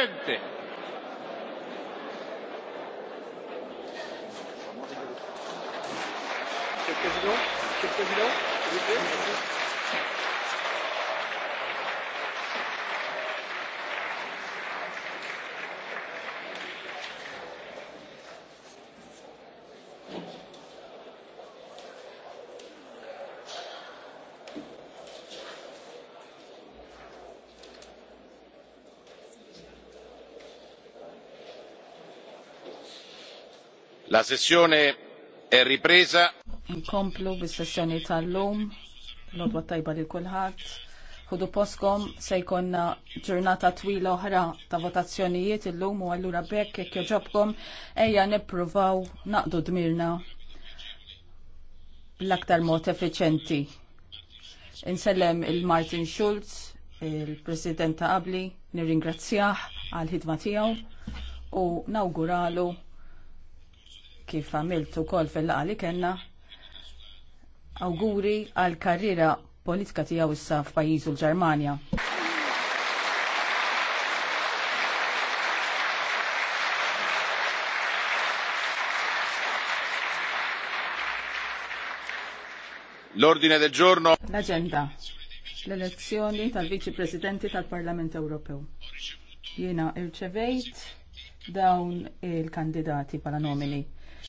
Presidente. Monsieur le Président, Monsieur le Président, La sessione è ripresa. Inkomplu bis-sessjoni tal-lum, l-odwa tajba li kulħadd. Ħudu poskom se jkollna ġurnata twila oħra ta' votazzjonijiet illum u allura bekk jekk joġobkom ejja nippruvaw naqdu dmirna bl-aktar mod effiċenti. Insellem il-Martin Schulz, il-President ta' qabli, nirringrazzjah għal ħidma tiegħu u nawguralu kif għamilt ukoll fil-laqgħa li kellna awguri għal karriera politika tiegħu issa f'pajjiżu l-Ġermanja. L-ordine del giorno. L-agenda. L-elezzjoni tal-Viċi Presidenti tal-Parlament Ewropew. Jiena irċevejt dawn il-kandidati pala nomini.